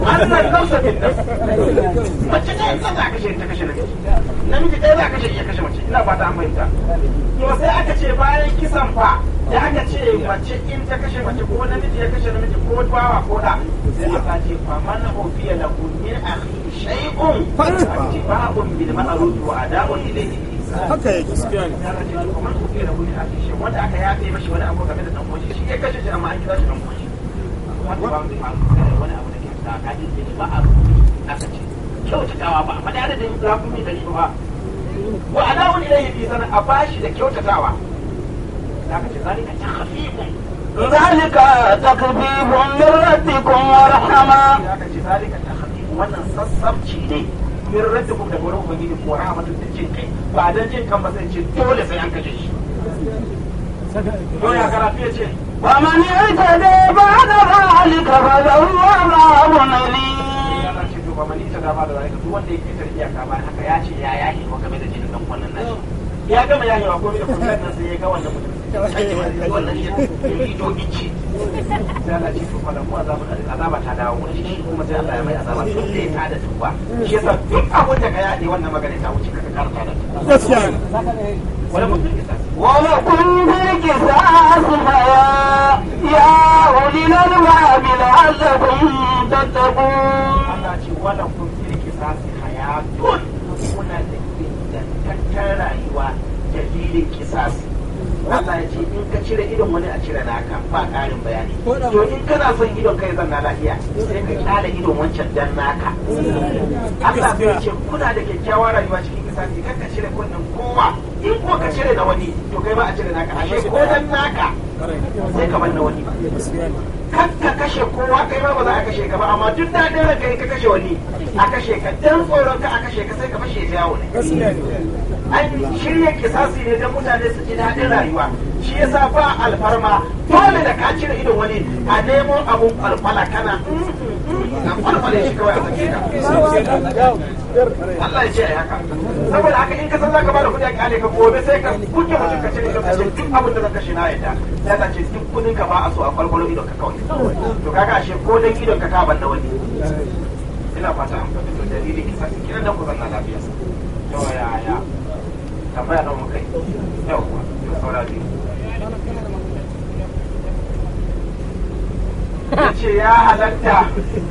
Allah ya kamsa fil kashe ta kashe namiji kashe kashe mace ina to sai aka ce bayan kisan fa da ce mace in ta kashe mace ko namiji ya kashe namiji ko bawa ko da sai aka ce fa a ufiya lahu a akhi shay'un fattiba'un bil ma'ruf wa ada'un ilayhi haka yake gaskiya ne wanda aka wani ya kashe da ka yi da ba a rubuta kyautatawa ba amma da adadin rakumi da ba wa ilayhi fi sana a bashi da kyautatawa ce zalika ta khafifun zalika min rabbikum wa rahama zaka ce zalika ta khafifun wannan sassabci ne min rabbikum da gurin ubangiji ko da jin kai ba dan jin kan ba sai ce dole sai an shi. ya ya ce ومن اعتدى بعد ذلك فله عذاب أليم bayan haka ya ce ya yahi wa game da jinin dan wannan nashi ya gama yahi wa sai ya ga wannan mutum wannan ya sai mu azaba ta dawo wani shi kuma sai Allah ya mai azaba sai ta da tuba shi yasa duk abin da ka yaɗe wannan magana ta wuce ka karanta da gaskiya ولكم بالقصاص حياة يا أولي الألباب لعلكم تتقون kuna da rayuwa dalilin kisasi Allah ya ce in ka cire idon wani a cire naka ba ƙarin bayani to in kana son idon kai zanna lafiya sai ka kyale idon wancan dan Allah ya ce kuna da kyakkyawar rayuwa cikin kisasi kar ka cire kunnen kowa in ko ka cire da wani to kai ba a cire naka ashe ko dan naka sai ka manna wani kan ka kashe kowa kai ba ba za a kashe ka ba amma duk da dare kai ka kashe wani a kashe ka dan tsoron ka a kashe ka sai ka fashe jawo ne an shirya kisasi ne don mutane su ji daɗin rayuwa shi yasa ba alfarma dole da ka cire idon wani a nemo abun alfala kana ka kwalkwale shi kawai a sake Allah ya ce a haka saboda haka in ka san zaka bada kuɗi a kyale ka gobe sai ka kuke mutum ka ce ka ce duk abin da zaka shi na yadda sai ka ce duk kuɗin ka ba a so a kwalkwalo idon ka kawai to kaga ashe ko dan idon ka ka banda wani ina fata an fahimta dalilin kisa kiran da ku zanna lafiya yau ya ya tambaya da mu kai yau ko saura ya ce ya halatta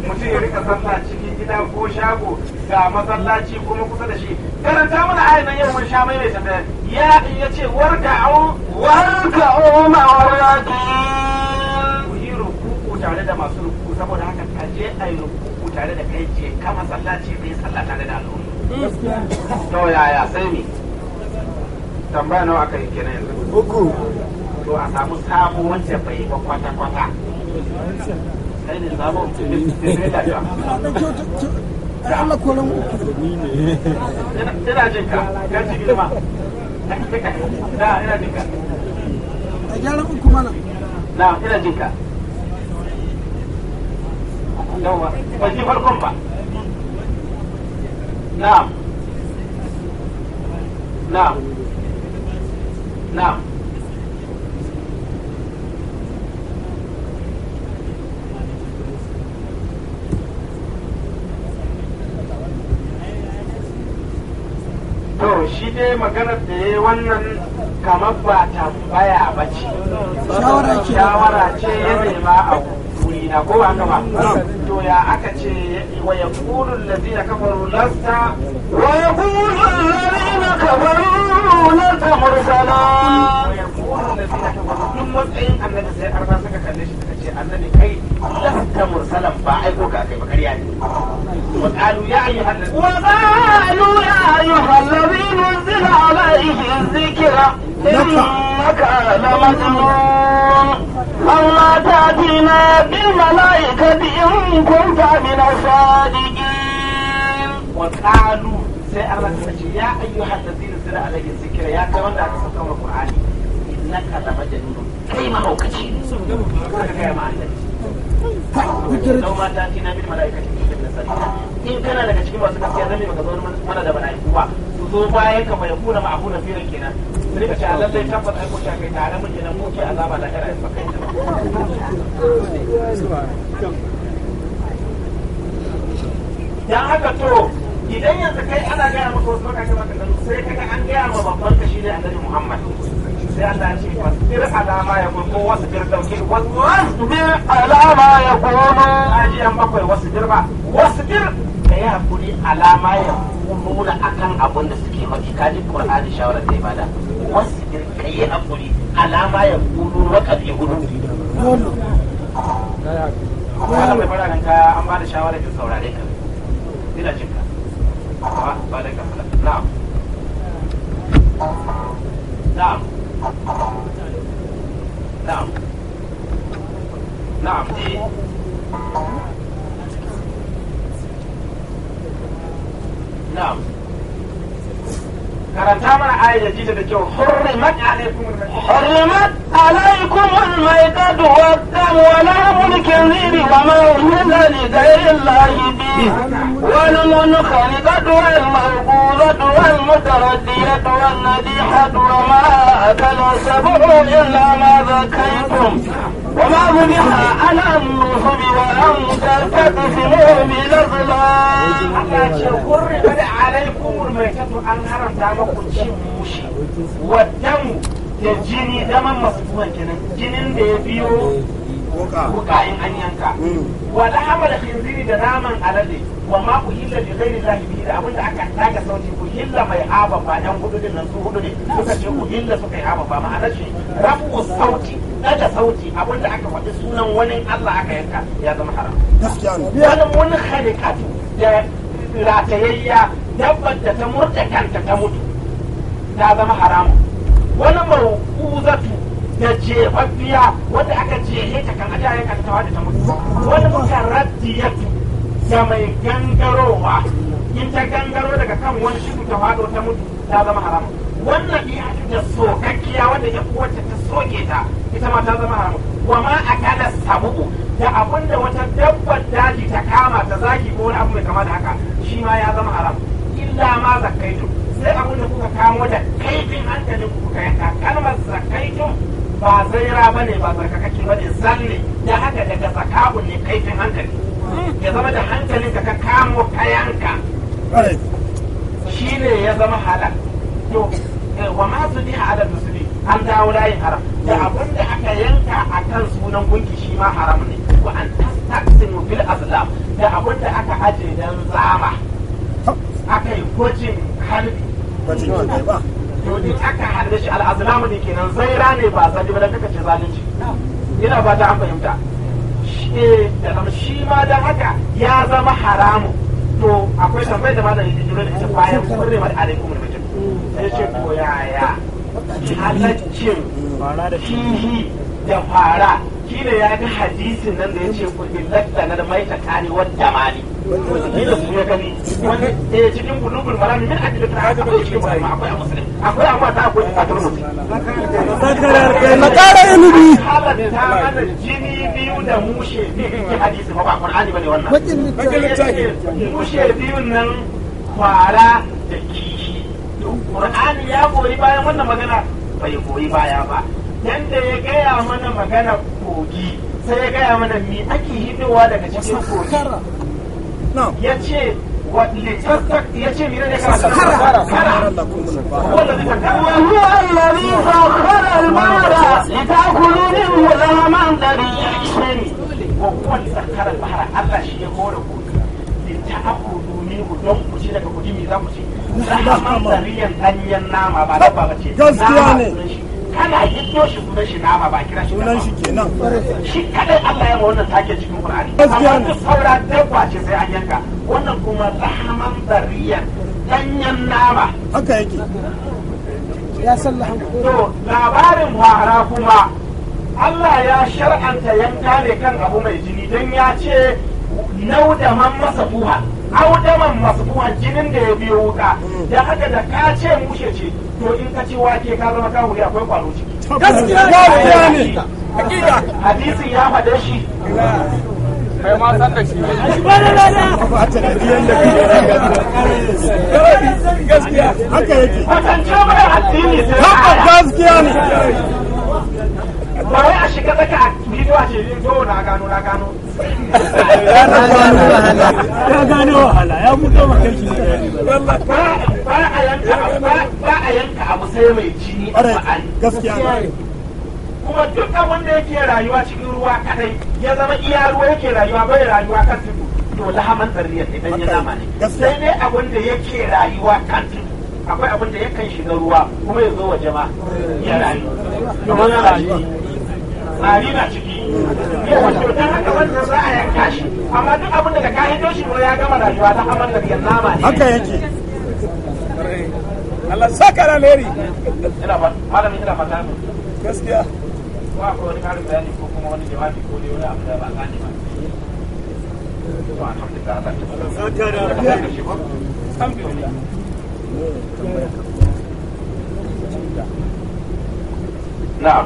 mutum ya rika sallah cikin gida ko shago ga masallaci kuma kusa da shi karanta mana ayin nan yau mun sha mai mai tambaya ya ya ce warka au warka au ma'aradi ku yi rukuku tare da masu rukuku saboda haka ka je a yi rukuku tare da kai je ka masallaci bai sallah tare da al'umma to yaya sai me tambaya nawa aka yi kenan yanzu uku to a samu sabo wanda bai ba kwata-kwata kai ina jin ka ji girma ina jin ka a gyaran uku mana na ina jin ka ba ji farkon ba na'am na'am na'am ce maganar da ya wannan kamar ba tambaya ba ce shawara ce ya nema a wurina ko ba ba to ya aka ce wa ya kuru lazi na kafaru lasta wa ya kuru lazi na kafaru lasta mursala wa ya kuru lazi na kafaru duk matsayin annabi sai arba suka kalle shi ce annabi kai lasta mursalan ba ko ka kai ba kariya ne wa qalu ya ayyuhan da. wa qalu ya nuzila alayhi dhikra innaka amma ta'tina bil malaikati in kunta min sai Allah ta ce ya nuzila alayhi dhikra ya aka saka qur'ani innaka lamajnun kai mahaukaci ne zau mata ce na bin mala'ikacin cikin nasari in kana daga cikin masu gaskiya zan baka zo mana da mala'iku ba su zo bayan ka bai kuna ma'abu na firin kenan su rika sha lallai tabbas ai ko sha kai tare mun kenan mu ke azaba da kana ba kai dan haka to idan yanzu kai ana gaya maka wasu makakai makakai sai kaga an gaya ma babban kashi ne a annabi Muhammad واصبر على ما يقولون واصبر توكيد واصبر على ما يقولون اجي ان بكوي واصبر با واصبر كاي hakuri على ما يقولون akan abin da suke maki kaji qur'ani shawara da ibada واصبر كاي hakuri على ما يقولون وقد ya Wala mai fara ka an ba da shawarar ka saurare ka. Ina jinka. Ba da ka na'am. Na'am. Nào Làm đi Nào حرمت عليكم الميتة والدم ولحم الكنزير وما أهل لغير الله به والمنخنقة والمنقوذة والمتردية والنديحة وما أكل السبع إلا ما ذكيتم وما منها على النصب وأن تستقسموا بالأظلام حرمت عليكم الميتة أن حرمت عليكم الشموشي والدم da jini zaman masu kenan jinin da ya biyo wuka in an yanka mm. wa amala khinziri da naman alade wa ma ku hilla bi ghairi zahibi da abin da aka daga sauti ku hilla mai aba ba dan hudu din nan su hudu ne suka ce ku hilla suka yi aba ba ana ce rafu sauti daga sauti abinda da aka faɗi sunan wani Allah aka yanka ya zama haram gaskiya ne zama wani khaliqatu da ratayayya dabbar da ta murta kanta ta mutu ta zama haram wani maruku jariya wanda aka jiyayye ta kan ajiya ya kanta wadda ta mutu wani mutan mukarradiyatu da mai gangarowa in ta gangaro daga kan wani shi ta fado ta mutu ta zama haram wannan ya da sokakkiya wanda ya wacce ta soke ta ita ma ta zama haram wa ma a kala sabu da abun da wata dabbar daji ta kama ta zaki ko wani abu mai kama da haka shi ma ya zama haram illa ma zakaitu sai abun da kuka kamo da kaifin hankalin kuka yanka kalmar zakaitu ba zaira ba ne ba tsarkakake ba ne zalle da haka daga tsakabun ne kaifin hankali hmm. ya zama da hankalin ka kamo kayanka shi ne ya zama halal to eh, wa ma su ni halal ne an dawo layin haram da hmm. abin da aka yanka a kan sunan gunki shi ma haram ne wa an tasin fil azlam da abin da aka ajiye dan zama aka yi gwajin halbi gwajin ba yodi aka hada shi al'azlamu ne kenan zaira ne ba zabi ba da kaka ce zalunci yana fata an fahimta shi eh, ma da haka ya zama haramu to akwai tambayar da malam yake jiro da ita bayan kurre mai alaikum rubutun sai ce to yaya halaccin kihi da fara shi ne ya ga hadisin nan da ya ce kullum lakta na mai tsakani wadda mali wanda eh cikin bulugul ta mana jini biyu da mushe biyu ke hadisi ba ba qur'ani bane wannan mushe biyu nan kwara da kishi qur'ani ya goyi bayan wannan magana bai goyi baya ba yanda ya gaya mana magana kogi sai ya gaya mana me ake hidowa daga cikin kogi No. Yache gaskiya ne kana hiddo shi sunan shi nama ba kira shi sunan shi kenan shi kadai Allah ya ma wannan take cikin Qur'ani amma duk saura dabba ce sai an yanka wannan kuma lahaman bariyan danyen nama haka yake ya san lahaman to labarin fara kuma Allah ya shar'anta yanka ne kan abu mai jini dan ya ce nau da man masa buha masu kuma jinin da ya biyo wuka da haka da ka ce mushe ce to in ka ce wake ka zama ka ne akwai kwalo ciki gaskiya ne hadisi ya fada shi kai ma san da shi gaskiya haka yake ce ba addini ne haka gaskiya ne ba wai a shiga tsaka a bidiyo a shirin to na gano na gano ya gano wahala ya mutu makarki ba a yanka ba a yanka abu sai mai jini a gaskiya kuma dukkan wanda yake rayuwa cikin ruwa kadai ya zama iya ruwa yake rayuwa bai rayuwa kan tudu to lahaman zarriyar idan ya zama ne sai dai abin da yake rayuwa kan tudu akwai abin da yakan shiga ruwa kuma ya zo wa jama'a ya rayu tsari na ciki yawan to dan haka wannan za a yanka shi amma duk abin da ka hito shi ya gama rayuwa da nama ne haka yake Allah saka na leri ina ba malami ina fata gaskiya ba ko wani karin bayani ko kuma wani jawabi ko dai wani abu da ba ba na'am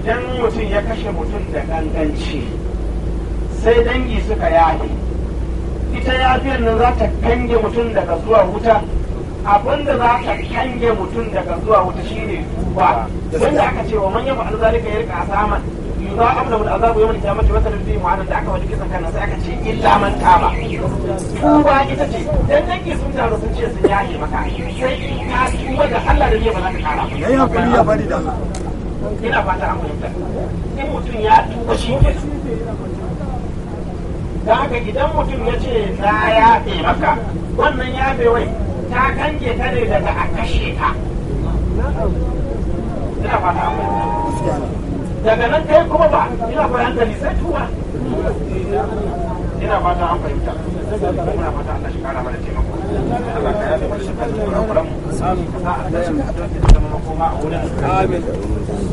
idan mutum ya kashe mutum da ganganci sai dangi suka yaki ita yafiyar nan za ta kange mutum daga zuwa wuta abinda za ta kange mutum daga zuwa wuta shine tuba wanda aka ce wa manyan alzari ka yi rika asaman yuza abla wal azabu yawmal qiyamati wata tarfi mu'anan da aka wani kisan kan sai aka ce illa man taba tuba ita ce dan dangi sun taru sun ce sun yahe maka sai in ka tuba da Allah da ne ba za ka kara ba hakuri ya bari da Allah ina fata an fahimta in mutum ya tuba shi ne da haka idan mutum ya ce na ya maka wannan ya wai ta kange ta ne daga a kashe ka ina fata an fahimta daga nan kai kuma ba ina fahimta ni sai tuba ina fata an fahimta muna fata Allah shi kara mana taimako Allah ka yafe mana shi kan kurakuran mu sa a tashi mu zama makoma a wurin amin